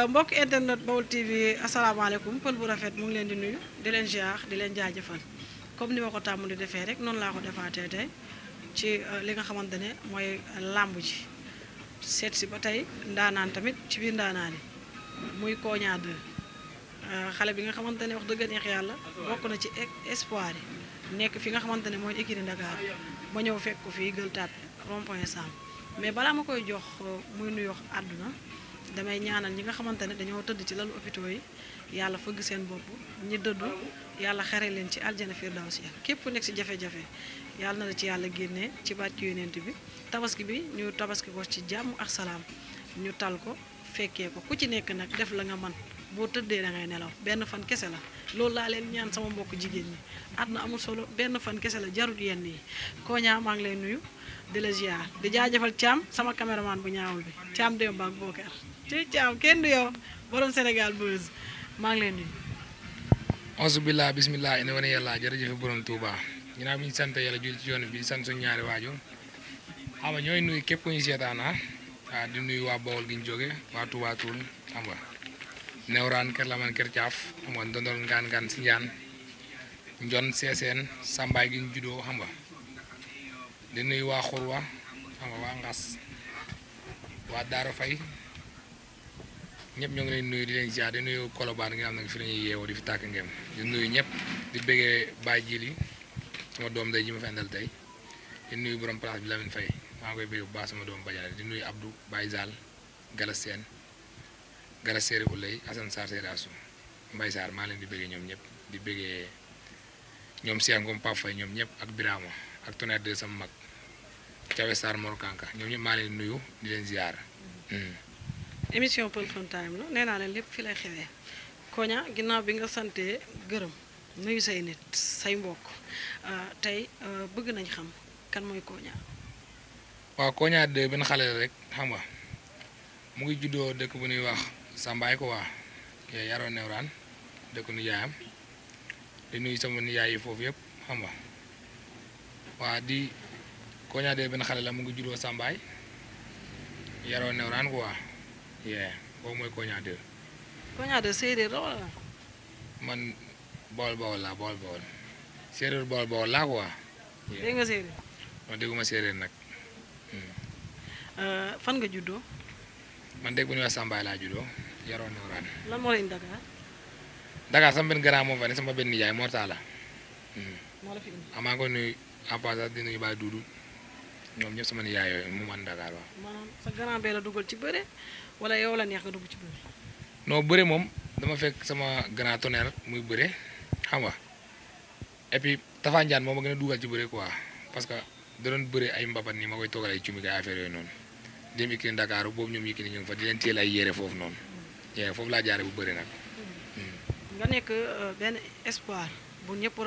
Euh, mbokk internet Baol TV asalaamaaleykum pël bu rafet mu ngi leen di nuyu di leen ziar di leen jaajëfal comme ni ma ko tàmm di defee rek noonu laa ko defaatee tey ci euh, li nga xamante ne mooy làmb ji seet si ba tey ndaanaan tamit ci biir ndaanaan yi muy Kogna 2 euh, xale bi nga xamante ne wax dëgg yàlla bokk na ci espoir yi nekk fi nga xamante ne mooy écurie Dakar ba ñëw fekk ko fii Gueule Tapée point Sam mais balaa ma koy jox muy nuyoo àdduna damay ñaanal ñi nga xamante ne dañoo tëdd ci lalu hôpitaux yi yàlla fëgg seen bopp ñi dëddu yàlla xare leen ci aljana firdawsi képp ku nekk ci jafe-jafe yàlla na la ci yàlla génne ci bàcc yonent bi tabaski bi ñu tabaski ko ci jàmm ak salaam ñu tal ko fekkee ko ku ci nekk nag def la nga man boo tëddee da ngay nelaw benn fan kese la loolu laa leen ñaan sama mbokk jigéen ñi na amul solo benn fan kese la jarut yenn yi koña maa ngi lay nuyu di la ziar di jaajëfal Thiam sama caméraman bu ñaawul bi Thiam Demba ci jaam kenn du yow borom Sénégal Buzz maa ngi leen di. onze billah bismillah ina wane yàlla jërëjëf borom Touba ginnaaw bi ñu sant yàlla jul ci yoon bi sant ñaari waajur xam ñooy nuyu képp ku ñu seetaan ah di nuyu waa Bawol gi ñu jóge waa Touba Toul xam nga Newraan Kër Laman Kër Caaf xam nga Ngaan Ngaan si Njaan Njon Seeseen Sambaay gi ñu juddoo xam nga di nuyu waa Xurwa xam waa Ngas waa Daara Fay ñëpp ñoo ngi leen nuyu di leen ziar di nuyu Colobane nga xam fi la yeewoo di fi tàkk ngeem di nuyu ñëpp di bëggee Baye li sama doom day ji ma fi tey di nuyu borom place bi Lamine fay maa ngi koy bëgg bu baax sama di nuyu Abdou Baye Zal Gala Sène Gala Séré Oulay Assane maa leen di bëggee ñoom ñëpp di bëggee ñoom Cheikh Ngom Pape Faye ñoom ñëpp ak Birama ak Tonnerre de sama mag Thiawé Sarr Mor Kanka ñoom ñëpp maa leen nuyu di leen ziar. Hmm. émission Peulh Fun la nee naa lépp fi lay xewee koña ginnaaw bi nga santee gërëm nuyu say nit say mbokk ah, tey ah, bëgg nañ xam kan mooy koña waaw koña benn xale la rek xam nga mu ngi juddoo dëkk bu nuy wax Sambaay ko waa yooyu yaroo Newraan dëkk nu yaayam di nuyu sama yaay yi foofu yëpp xam nga waa di koña de benn xale la mu ngi juddoo Sambaay yaroo Newraan ko waa yee boobu mooy Koña 2. Koña 2 séeréer la wala. man bool bool laa bool bool séeréer bool bool laa quoi. dégg nga séeréer. non dégguma séeréer nag. Hmm. Euh, fan nga juddoo. man dégg bu ñuy Sambaay laa juddoo yaroo Nooraan. lan moo hmm. moo la fi indi amaa ko nuyu en passant di nuyu Baye Doudou ñoom ñëpp sama nijaay yooyu mu man Dakar waaw. sa grand bee la dugal ci bëre wala yow la neex nga dugg ci bëri. non bëre moom dama fekk sama grand tonnerre muy bëre xam nga et puis moom ma gën a dugal ci bëre quoi parce que da doon bëre ay mbapat nii ma koy toogal ay cumi ak affaire yooyu noonu dem Yékini Dakar boobu ñoom Yékini ñu ngi fa di leen teel ay yére foofu noonu. foofu laa jaare bu bëre nag. Hmm. nga nekk euh, benn espoir bu ñëpp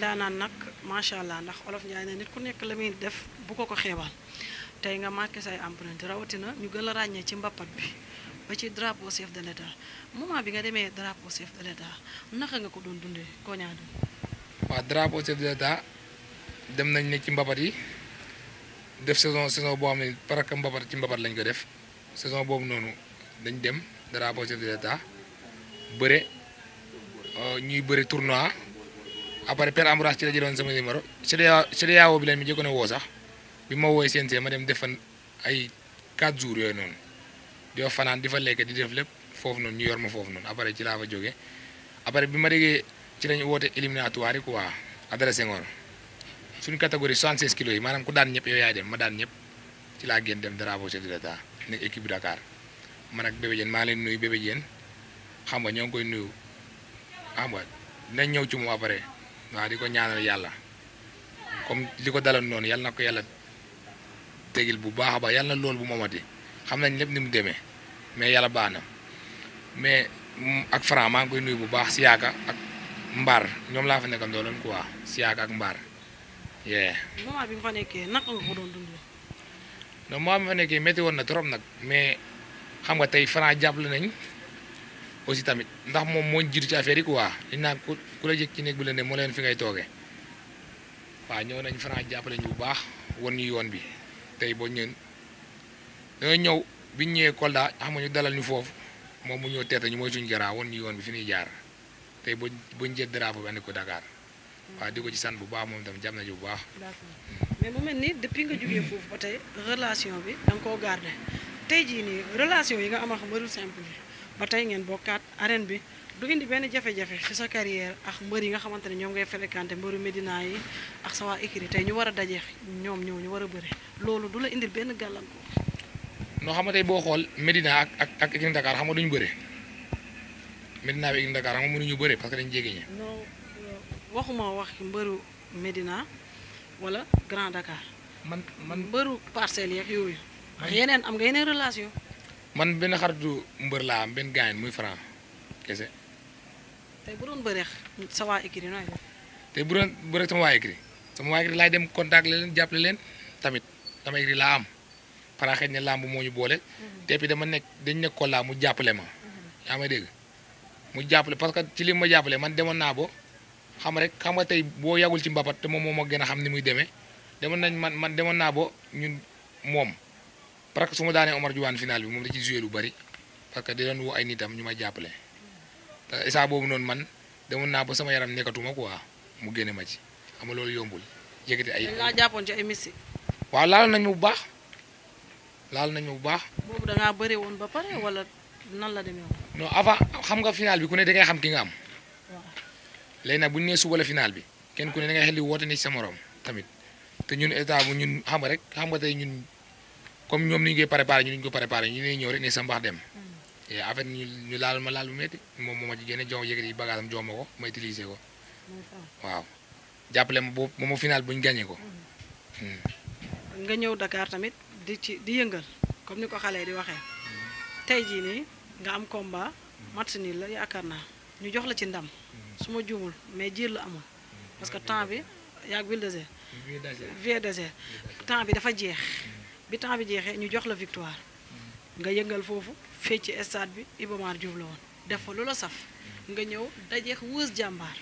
daanaan nag macha allah ndax olof Ndiaye ne nit ku nekk la muy def bu ko ko xeebal tey nga marqué say empreinte rawatina ñu gën a ci mbappat bi ba ci drapeau chef de l'état moment bi nga demee drapeau chef de l'état naka nga ko doon dundee koñaadu waaw drapeau chef de l'état dem nañ ne ci mbapat yi def saison saison boo xam ne paraka mbapat ci mbapat lañ ko def saison boobu noonu dañ dem drapeau chef de l'état bëre euh, ñuy bëre tournoi après père Amouraas ci la jëloon sama numéro CEDEAO CEDEAO bi leen mi jëkkoon a woo sax bi ma woowee CNG ma dem defan ay 4 jours yooyu noonu di fa fanaan di fa lekk di def lépp foofu noonu ñu yor ma foofu noonu après ci laa fa jógee après bi ma déggee ci lañu woote éliminatoire yi quoi adressé ngoon suñu catégorie 76 kilos yi maanaam ku daan ñëpp yow yaay dem ma daan ñëpp ci laa génn dem drapeau chef de l'État nekk équipe Dakar man ak bébé maa leen nuyu bébé Diène xam nga ñoo ngi koy nuyu xam nga dinañ ñëw ci moom après waaw di ko ñaanal yàlla comme li ko daloon noonu yàlla na ko yàlla. tegil bu baax a baax yàlla na loolu bu mu amati xam nañ lépp ni mu demee mais yàlla baax na mais ak Franc maa ngi koy nuyu bu baax Siaka ak Mbar ñoom laa fa nekkam doon quoi Siaka ak Mbar. moment bi nga fa nekkee naka ma fa nekkee woon na trop nag mais xam nga tey Franc jàppale nañ aussi tamit ndax moom moo jiitu ci affaire yi quoi li naan ku la jëkk ci néeg bi la ne moo leen fi ngay tooge waaw ñëw nañ Franc jàppale ñu bu baax won ñu yoon bi. tey boo ñëwee dañoo ñëw biñ ñëwee Kolda xam nga ñu dalal ñu foofu moom mu ñëw teeta ñu mooy suñu gara woon ñu yoon bi fi ñuy jaar tey buñ buñ jël drapeau bi andi ko Dakar. waaw di ko ci sant bu baax moom itam jàmm na bu baax. mais mu mel ni depuis nga jógee foofu ba tey relation bi da nga koo garder tey jii nii relation yi nga am ak mbëru simple bi ba tey ngeen bokkaat arène bi. du indi benn jafe-jafe ci sa carrière ak mbër yi nga xamante ne ñoom ngay fréquenté mbëru Medina yi ak sa waa écurie tey ñu war a daje ñoom ñëw ñu war a bëre loolu du la indil benn gàllankoor. noo xam nga tey boo xool Medina ak ak ak écurie Dakar xam nga duñu bëre Medina bi écurie Dakar xam nga mënuñu parce que dañu jéggi euh, waxuma wax mbëru Medina wala Grand man man mbëru parcelles yeeg yooyu. yeneen am nga yeneen relation. man benn xaritu mbër laa am benn gaañ muy franc kese. tey bu doon bëreex sa waa bu doon bëreex sama waa écrit sama waa écrit laay dem contact leen jàppale leen tamit sama écrit laa am para xëy na làmb moo ñu boole. Mhm. te puis dama nekk dañ nekk laa mu jàppale ma. Mhm. yaa may dégg mu jàppale parce que ci li ma jàppale man demoon naa bo xam rek xam nga tey boo yàggul ci mbapat te moom moo gën a xam ni muy demee demoon nañ man man demoon naa bo ñun moom parce que su ma daanee Omar Diouane final bi moom da ci joué lu bari parce que di doon woo ay ñu may jàppale. saa euh, boobu noonu man demoon naa ba sama yaram nekkatuma ko waa mu génne ma ci xam nga loolu yombul yëkkati ay. laa jàppoon ci missi. waaw laal nañ ma bu baax laal nañ ma bu baax. boobu da ngaa woon ba pare wala nan la demee woon. non avant xam nga final bi ku ne dangay xam ki nga am. waaw léegi bu ñu nee suba final bi kenn ku ne da ngay xel di woote ni ci sa morom tamit te ñun état bu ñun xam rek xam nga tey ñun comme ñoom ni ñu koy préparé ko préparé ñu ne ñëw rek ne sa mbaax dem. Hmm. Eh, affaire ñu ñu laal ma laal bu moom moo ma ci génne jox yëkkati bagaasam jox ma ko ma utilisé ko waaw jàppale ma bu ma final bu ñu gagné ko. Mm-hmm. Mm. nga ñëw Dakar tamit di ci di yëngal comme ni ko xale di waxee mm. tey jii nii nga am combat mm. match nii la yaakaar naa ñu jox la ci ndam su ma juumul mais jiir la amul parce que temps bi yaag Bulldozer Bulldozer temps bi dafa jeex bi temps bi jeexee ñu jox la victoire nga yëngal foofu. fee ci estade bi Iba Mar woon def fa lu la saf nga ñëw dajeex wës jàmbaar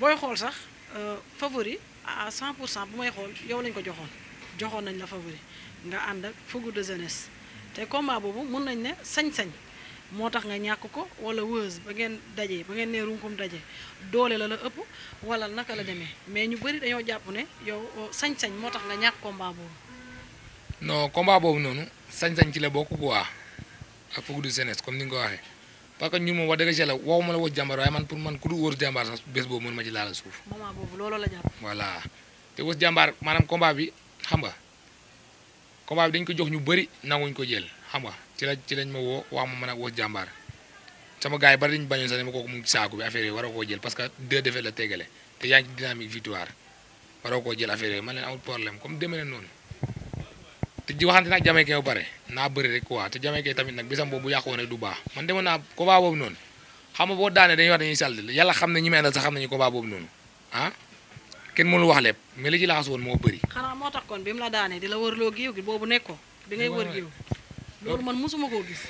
booy xool sax euh, favori à 100 pour cent bu may xool yow lañ ko joxoon joxoon nañ la favori nga ànd ak fougue de jeunesse te combat boobu mën nañ ne sañ-sañ moo tax nga ñàkk ko wala wëz ba ngeen dajee ba ngeen nee daje doole la la ëpp wala naka la demee mais ñu bëri dañoo jàpp ne yow euh, sañ-sañ moo tax nga ñàkk combat boobu. non boobu noonu sañ-sañ ci la bokk ko waa ak fukki du jeunesse comme ni nga ko waxee parce que ñun moom wax dëgg si yàlla waxuma la woo jàmbaar waaye man ma ci laal suuf. moment voilà te wóor jàmbaar maanaam combat bi xam nga combat dañ ko jox ñu bëri nanguñ ko jël xam nga ci la ci lañ ma woo wax ma mën a wóor jàmbaar sama gars yi bari dañu bañoon sax ne ma kooku mu ngi saako bi affaire yi waroo koo jël parce que deux défaites la tegale te yaa ngi ci dynamique victoire waroo koo jël affaire yi man leen amul problème comme demee noonu te di waxante nag Jamaïcain bu pare naa bëri rek quoi te Jamaïcain tamit nag bisam boobu bu yàqoo du baax man demoon naa combat boobu noonu xam boobu noonu ah moo bëri. xanaa moo tax kon bi mu la daanee di la wërloo géew gi boobu nekkoon bi ngay wër géew loolu man mosuma koo gis.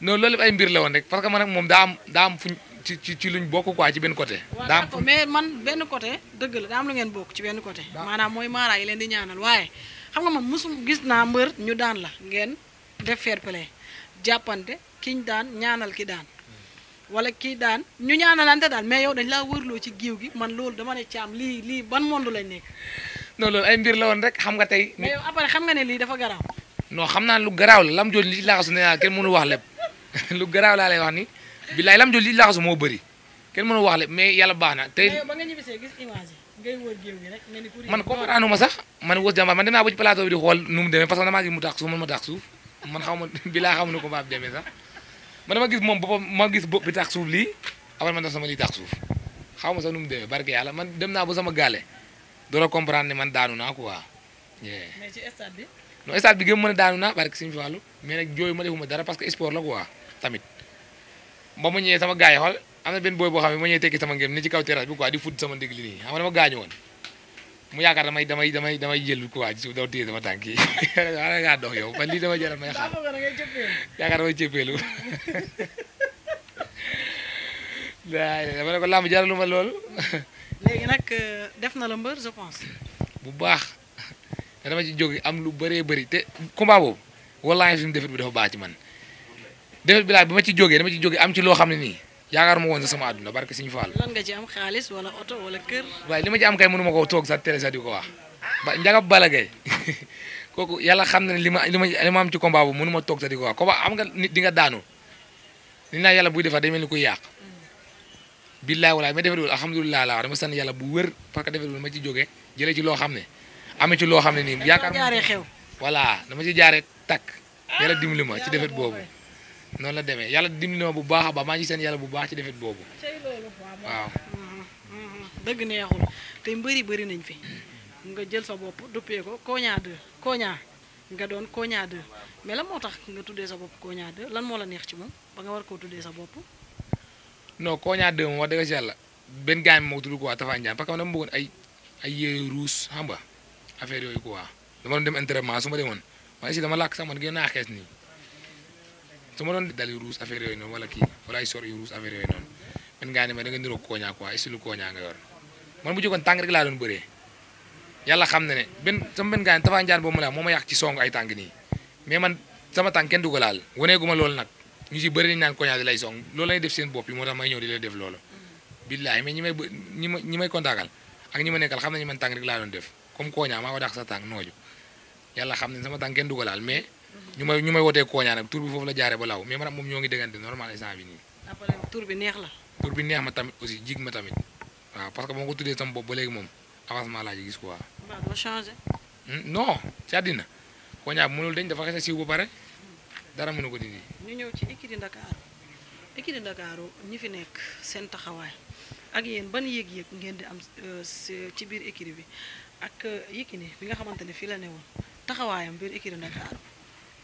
non loolu ay mbir la woon rek parce que man ak moom daa am daa am fuñ ci ci ci luñ bokk quoi ci benn côté. daa la daa am lu ngeen bokk ci benn côté. maanaam mooy maara yi di ñaanal waaye xam nga man gis naa mbër ñu daan la ngeen def fair play jàppante kiñ daan ñaanal ki daan wala kii daan ñu ñaanalante daan mais yow dañ laa wërloo ci géew gi man loolu dama ne caam lii ban monde lañ nekk. non loolu ay mbir la woon rek xam nga tey. mais yow après xam nga ne lii dafa garaaw. noo xam naa lu garaaw la lam jooju li laaxasu ne kenn mënu wax lépp lu garaaw laa lay wax ni billaay lam jooju li laaxasu moo bari kenn mënu wax lépp mais yàlla baax na tey. mais yi man comprendre ma sax man wës jàmbaar man dem naa ba ci plateau bi di xool nu mu demee parce que damaa gis mu tax suuf man ma tax suuf man xaw ma bi laa gis moom boppam ma gis bopp bi tax suuf lii après man def sama lii tax suuf xaw ma sax nu mu demee barke yàlla man dem naa ba sama gaale doora comprendre man daanu naa quoi. mais ci bi. non stade bi gëm mën a daanu naa barke suñu fi wàllu mais nag jooyu ma dara parce que sport la quoi tamit ba mu ñëwee sama gars yi xool am na benn booy boo xam ne ma ñëw tekki sama ngëm ni ci kaw terrasse bi quoi di fut sama ndigg nii xam nga dama gaañu mu yaakaar damay damay damay damay jël quoi ci suuf daw téye sama tànk yi xanaa ngaa dox yow man lii dama jaral may xaar yaakaar damay cëppeelu waaye dama ne ko ma loolu. léegi nag euh, def na la mbër je bu baax dama ci jóg am lu bëree bëri te combat boobu wallaahi suñu defet bi dafa baax ci man defet bi ma ci jógee dama ci jógee am ci loo xam ne nii. yaakaar ma woon sa sama àdduna barke Sëñ Fall. lan nga ci am xaalis wala am kay mënu ma koo toog sax télé sax di ko wax ba njagab Balla Gaye kooku yàlla xam na ne li ma li ma li am ci combat bu ma toog sa di ko wax combat am nga nit di nga daanu li na yàlla buy defar day mel ni kuy yàq. billaay walaay ma defetul alhamdulilah laa dama sant yàlla bu wër parce que defetul ma ci jóge jëlee ci loo xam ne ame ci loo xam ne nii. yaakaar naa jaaree xew voilà dama ci jaaree takk yàlla dimbali ci defet boobu. noonu la demee yàlla dimbali bu baax a baax maa ngi seen yàlla bu baax ci defet boobu. waaw. dëgg neexul nañ fi nga jël sa bopp duppee ko Konia 2 Konia nga doon Konia 2 mais lan moo tax nga tuddee sa bopp Konia 2 lan moo la neex ci moom ba nga war koo tuddee sa bopp. non Konia 2 moom wax dëgg si yàlla benn gars moo tudd quoi Tafa Ndiaye parce que dama bëggoon ay ay yére ruus xam nga affaire yooyu waa dama doon dem entraînement su ma demoon man si dama làkk sax man gën naa xees nii. su ma doon dali ruus affaire yooyu noonu wala kii wala ay sor yu ruus affaire yooyu noonu man benn sama ma la moo ma yàq ci song ay mais man sama tàng kenn du ko laal waneeguma loolu nag ñu ci bëri nañ naan kooñaa lay song loolu lay def seen bopp yi moo tax may ñëw di lay def loolu ma ñi may kontaakal ak ñi ma nekkal xam nañu man tàng rek laa doon def comme kooñaa maa ko sa tàng nooju yàlla xam ne sama tàng kenn du ko laal mais ñu may ñu may wootee kooñaa nag tur bi foofu la jaare ba law mais maanaam moom ñoo ngi déggante normal instant bi bi neex la. tur bi neex ma tamit aussi jig ma tamit waaw parce que moo ko tuddee sama bopp ba léegi moom avancement laa ji gis ko waaw changé. Hmm, non ci àddina kooñaa mënul dañ dafa xasee siiw ba pare dara mënu ko dindi. ñu ñëw ci écurie Ndakaaru écurie Ndakaaru ñi fi nekk seen taxawaay ak yéen ban yéeg-yéeg ngeen di am euh, ci biir écurie bi ak euh, Yékini bi nga xamante ne fii la newoon taxawaayam biir écurie Ndakaaru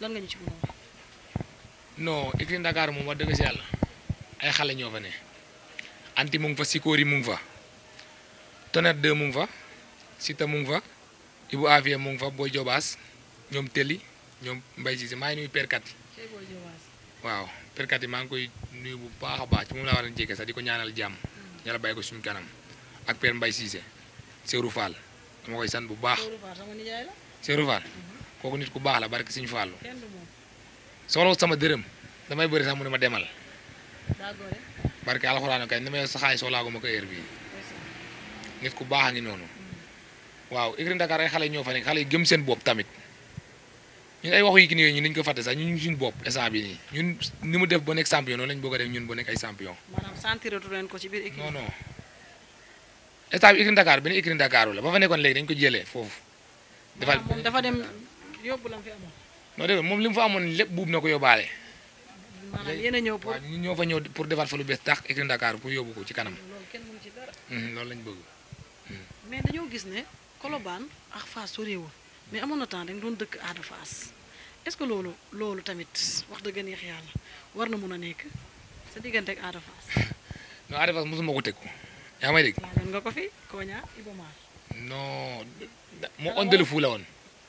lan nga ñu ci mën Dakar moom wax dëgg si yàlla ay xale ñoo fa ne anti mu ngi fa Sikori mu ngi fa Tonnerre 2 mu ngi fa Sita mu fa Ibou Afia mu ngi fa Boy Jobaas ñoom Teli ñoom Mbaye Cissé maa ngi nuyu perkat yi waaw perkat maa ngi koy nuyu bu baax a baax ci moom laa war a sax di ko ñaanal jàmm mm. yàlla bàyyi ko suñu kanam ak père Mbaye Cissé Serou Fall dama koy sant bu baax Serou Fall kooku nit ku baax la barke Sëñ Fallu soxlawut sama dërëm damay bëri sax mu ne ma demal barke alxuraan kay ni may saxaay soxlaa gu ma ko heure bii nit ku baax a ngi noonu waaw Écurie Dakar ay xale ñoo fa nekk xale yi gëm seen bopp tamit ñun ay waxu yi ki nii ko fàtte sax ñun suñu bopp bi nii ñun ni mu def ba nekk noonu lañ bëgg a def ñun ba nekk ay champion. maanaam sentiratu leen ko ci biir équipe. non non bi Écurie la ba fa nekkoon léegi dañ ko jëlee foofu. dafa dem yóbbu la fi amoon. non dégg moom li mu fa amoon lépp buub na ko yóbbaale. maanaam yéen ñëw pour ñu ñoo fa ñëw pour defar fa lu bees tax écurie Dakar pour yóbbu ko ci kanam. loolu mm-hmm, loolu lañ bëgg. Mm-hmm. mais dañoo gis ne Colobane ak Fass soriwul mais amoon na temps dañ doon dëkk aada faas est-ce que loolu loolu tamit wax dëgg neex yàlla war na mun a nekk sa diggante ak aada Fass. non aada Fass mosuma ko teg ko yaa may dégg. nga moo on de fu la woon.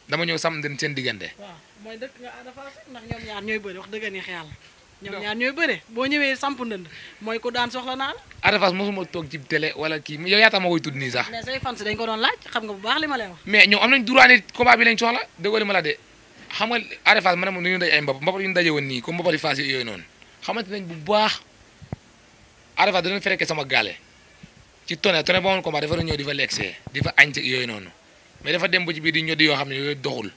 dama ñëw sàmm den seen diggante. waaw mooy dëkk nga Ada Fass ndax wax dëgg neex yàlla. ñoom ñaar ñooy bëre ñëwee samp ndënd mooy daan soxla naa la. Ada Fass mosuma toog ci télé wala kii yow yaa tax ma koy tudd nii sax. mais say fans dañ ko doon laaj xam nga bu baax li ma lay wax. mais ñoom am nañ droit ne combat bi lañ soxla déggoo li ma la de xam nga Ada ma ne ma nu ñu daj ay mbab mbapat yu ñu yooyu noonu xamante nañ bu baax Ada Fass danañ fekkee sama gaale ci tonne tonne boo moon combat dafa ñëw di fa lekk see di fa añ yooyu noonu mais dafa dem ba ci di ñoddi yoo xam ne yooyu doxul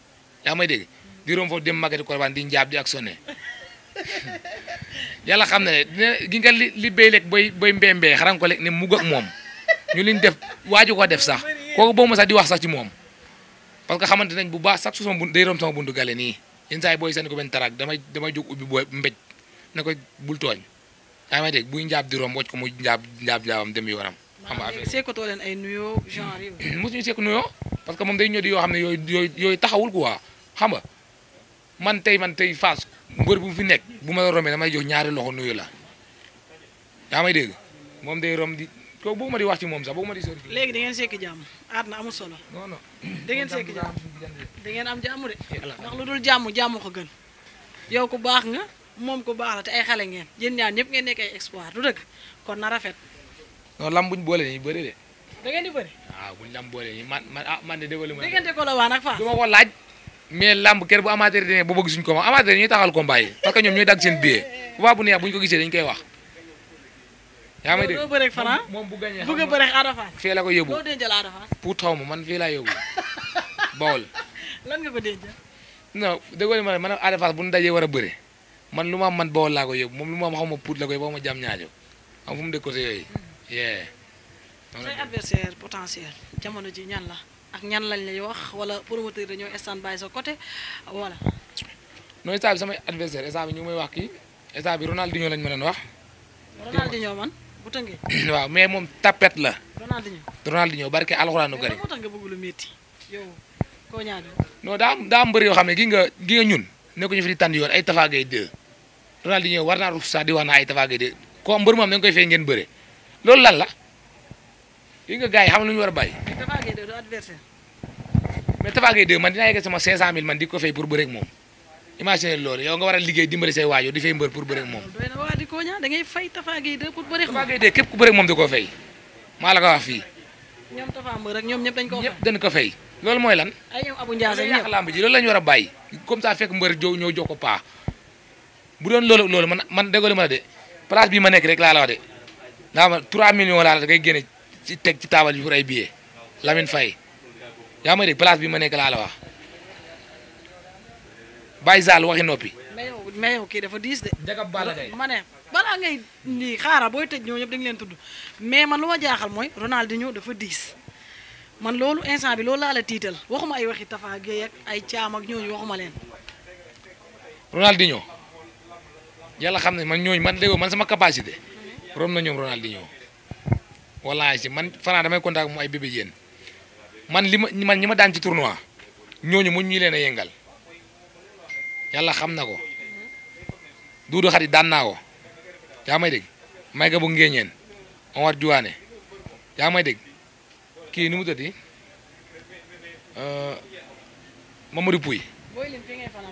yaa may dégg di rom foofu dem màggati di njaab di actionné yàlla xam ne ne gi li li béy lekk bay bay mbee mbee xaran ko lekk ne mu ak moom ñu liñ def waaju ko def sax kooku boobu ma sax di wax sax ci moom parce que xamante ne bu baax sax su sama bu day rom sama buntu gale nii yenn saa yi booy seen ko benn tarak damay damay jóg ubbi booy mbéj na ko bul tooñ yaa may dégg buy njaab di rom wocc ko mu njaab njaab njaabam dem yoonam xam nga affaire sekkatoo leen ay nuyoo genre yi. mosuñu sekk nuyoo parce que moom day ñëw yoo xam ne yooyu yooyu yooyu taxawul quoi xam nga man tey man tey Fass mbër bu fi nekk bu ma la rombee may jox ñaari loxo nuyu la yaa may dégg moom day rom di kooku bëgg ma di wax ci moom sax bëgg ma di sori. léegi da ngeen sekk jàmm aat na amul solo. non non da ngeen sekk jàmm da ngeen am jàmm de. ndax lu dul jàmm jàmm ko gën yow ku baax nga moom ku baax la te ay xale ngeen yéen ñaar ñëpp ngeen nekk ay exploit du kon na rafet non lam buñ boole nii bëri de. da ngeen di bëri. waaw ah, buñ lam boole nii man man ah man de déggoo li ma. diggante ko la waan ak Fass. du ma ko laaj. mais lamb kër bu amateur dine bu bëgg suñ ko ma amateur ñuy taxal combat yi parce que ñoom ñooy dagg seen billet combat bu neex buñ ko gisee dañ koy wax yaa may dégg moom bu gañee bëgg a bëre Ada Fass fii la ko yóbbu doo dencal Ada Fass pour taw ma man fii laa yóbbu bawol lan nga ko dencal non déggoo li ma ne man Ada Fass bu ñu dajee war a bëre man lu ma am man bawol laa ko yóbbu moom lu ma am xaw ma puut la koy xaw ma jam ñaajo am fu mu dëkk côté yooyu hmm. yeah say jamono ji ñan la ak ñan lañ lay wax wala promoteur dañoo instant sa côté voilà non instant bi samay adversaire instant bi ñu ngi may wax bi Ronaldinho lañ ma leen wax Ronaldinho man bu tëngee mais moom tapet la Ronaldinho Ronaldinho barke alxuraanu gari moo tax nga bëgg lu métti yow koo ñaan non daa daa mbër yoo xam ne gi nga gi nga ñun nekk ñu fi di tànn yoon ay Tafa Gueye 2 Ronaldinho war naa ruf sax di wax na ay Tafa Gueye ko mbër moom da nga koy fay ngeen bëre loolu lan la yi nga yi xam lu ñu war a bàyyi. mais Tapha Gueye 2 du adversaire. mais Tapha Gueye 2 man di ko fay pour bëre moom imagine loolu yow nga war a liggéey dimbali say waajur di fay mbër pour bëre ak moom. di ko ñaan fay képp ku bëre ak moom koo fay maa la ko wax fii. ñoom Tapha mbër ak ñoom ñëpp dañ koo fay ñëpp ko fay. loolu mooy lan. ay ñoom Abou Ndiassé ñëpp yàq lamb ji loolu la war a bàyyi comme ça fekk mbër jow ñoo jox ko paa bu doon loolu loolu man man déggoo li ma la de place bi ma nekk rek laa la de daa ma 3 millions laa la da génne teg ci taabal bi pour ay billets Lamine Faye yaa ma dégg place bi ma nekk laa la wax Baye Sall waxi noppi. mais yow kii dafa diis de. dëgg ma ne balaa ngay nii xaaral booy tëj ñoo ñëpp dañu leen tudd mais man lu ma jaaxal mooy Ronaldinho dafa diis. man loolu instant bi loolu laa tiital waxuma ay waxi Tafa Gueye ak ay caam ak ñooñu waxuma leen. Ronaldinho yàlla xam ne man ñooñu man déggoo man sama capacité. rom na ñoom Ronaldinho wallaahi ci man Franc damay contact mooy ay bébé man li ma man ñi ma daan ci tournoi ñooñu mu ñu leen a yëngal yàlla xam na ko duudu xarit daan naa ko yaa may dégg may ga bu ngéeñeen Omar Diouane yaa may dégg kii nu mu tëddi euh, Mamadou Pouy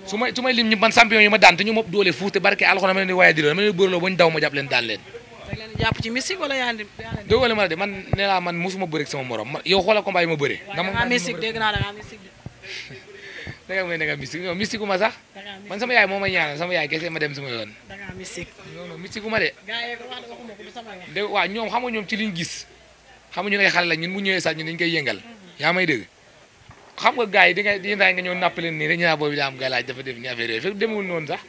su may su may lim ñu man champion yi ma daan te ñu ma doole fuute barke alxuraan ma leen di waaye di loolu ma di bëraloo ba daw ma jàpp daan leen da leen jàpp ci mystique wala yaa leen dégg ma la de man nee naa man mosuma bëri sama morom man yow xoolal combat yi ma bëri. waaw da ngaa mystique dégg naa da ngaa mystique de. da ngaa da ngaa mystique non mystique gu ma sax. man sama yaay moo ma ñaanal sama yaay kese ma dem sama yoon. da ngaa mystique. non non mystique gu ma de. gars yi wax dëgg waxuma ko du sama yoon. dégg waaw ñoom xam nga ñoom ci liñ gis xam nga ñun ay xale la ñun bu ñëwee sax ñun dañ koy yëngal mm-hmm. yaa may dégg xam nga gars yi di nga yenn saa yi nii rek ñu naan boobu galaaj dafa def ni affaire yooyu fekk demul noonu sax.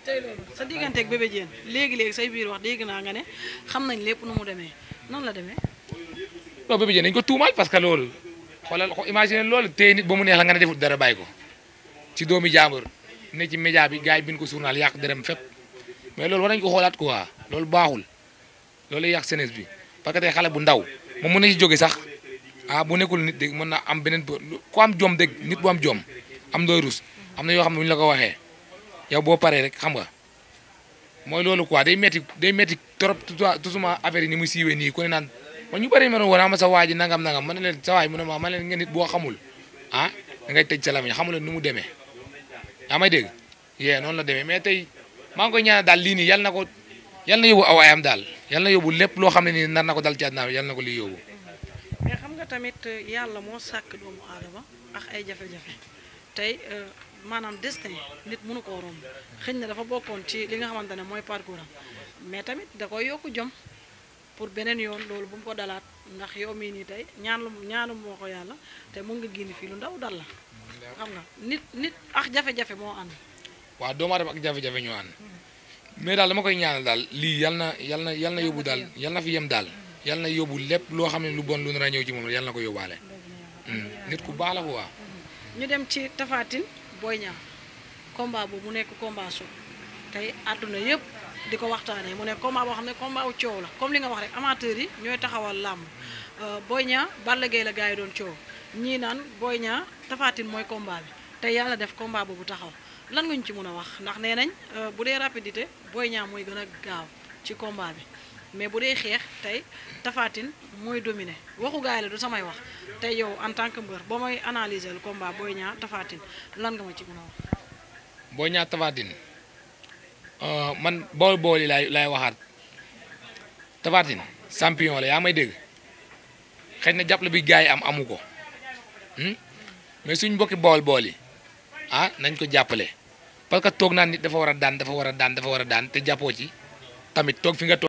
sa digganteeg bébé Diène léegi-léegi say biir wax dégg naa nga ne xam nañ lépp nu mu demee noonu la demee. non bébé nañ ko tuumaal parce que loolu xoolal imagine loolu te nit ba mu neex la nga ne defut dara bàyyi ko ci doomi jàmbur ne ci média bi gars yi bind ko journal yàq dërëm fépp mais loolu war nañu ko xoolaat ko quoi loolu baaxul loolu yàq jeunesse bi parce que tey xale bu ndaw moom mën na ci jóge sax ah bu nekkul nit mën naa am beneen ku am jom dégg nit bu am jom am looy rus am na yoo xam ne bu ñu la ko waxee yow boo paree rek xam nga mooy loolu quoi day metti day metti trop tout suma affaire yi ni muy siiwee nii ko ne naan man ñu bëri ma ah, ma sa waa ji nangam nangam ma ne leen sa waay mu ne ma ma leen nga nit boo xamul ah da ngay tëj sa mu demee yaa may dégg yee noonu la demee mais tey maa ngi daal lii nii yal na ko yal na yóbbu daal yal na yóbbu lépp loo xam ne nii nar na ko dal ci àddina yal na ko lii yóbbu tamit euh, yàlla moo sàkk doomu aadama ak ay jafe-jafe tey euh, maanaam destin nit mënu koo romb xëñ na dafa bokkoon ci li nga xamante ne mooy parcours am mais tamit da koy yokku jom pour beneen yoon loolu bu ko dalaat ndax yow mii nii tey ñaanlu ñaanu moo ko yàlla te mun nga génn fii lu ndaw dal la xam nga nit nit ak jafe-jafe moo ànd waaw doomu aadama ak jafe-jafe ñoo ànd mais daal dama koy ñaanal daal lii yal na yal na yal na yóbbu daal yal na fi yem daal yal na yóbbu lépp loo xam ne lu bon lu nar a ñëw ci moom yal na ko yóbbaale. Hmm. nit ku baax la ko waa ñu dem ci tafaatin Boy Niang combat boobu mu nekk combat su tey àdduna yëpp di ko waxtaanee mu nekk combat boo xam ne combat wu coow la comme li nga wax rek amateurs yi ñooy taxawal làmb euh, Boy Niang Balla Gaye la gars yi doon coow ñii naan Boy ñaa tafaatin mooy combat bi te yàlla def combat boobu taxaw lan nga ñu ci mun a wax ndax nee nañ euh, bu dee rapidité Boy Niang mooy gën a gaaw ci combat bi. mais bu dee xeex tey tafaatin mooy dominé waxu gaay la du samay wax tey yow en tant que mbër boo may analyser le combat Boy ñaar tafaatin lan nga ma ci mën a euh, man bool bool yi laay laay waxaat tafaatin champion la yaa may dégg xëy na jàppale bi gaa yi am amu ko hmm? mais suñ mbokki bool bool yi ah nañ ko jàppale parce que toog naan nit dafa war a daan dafa war a daan dafa war a daan te jàppoo ci tamit toog fi nga toog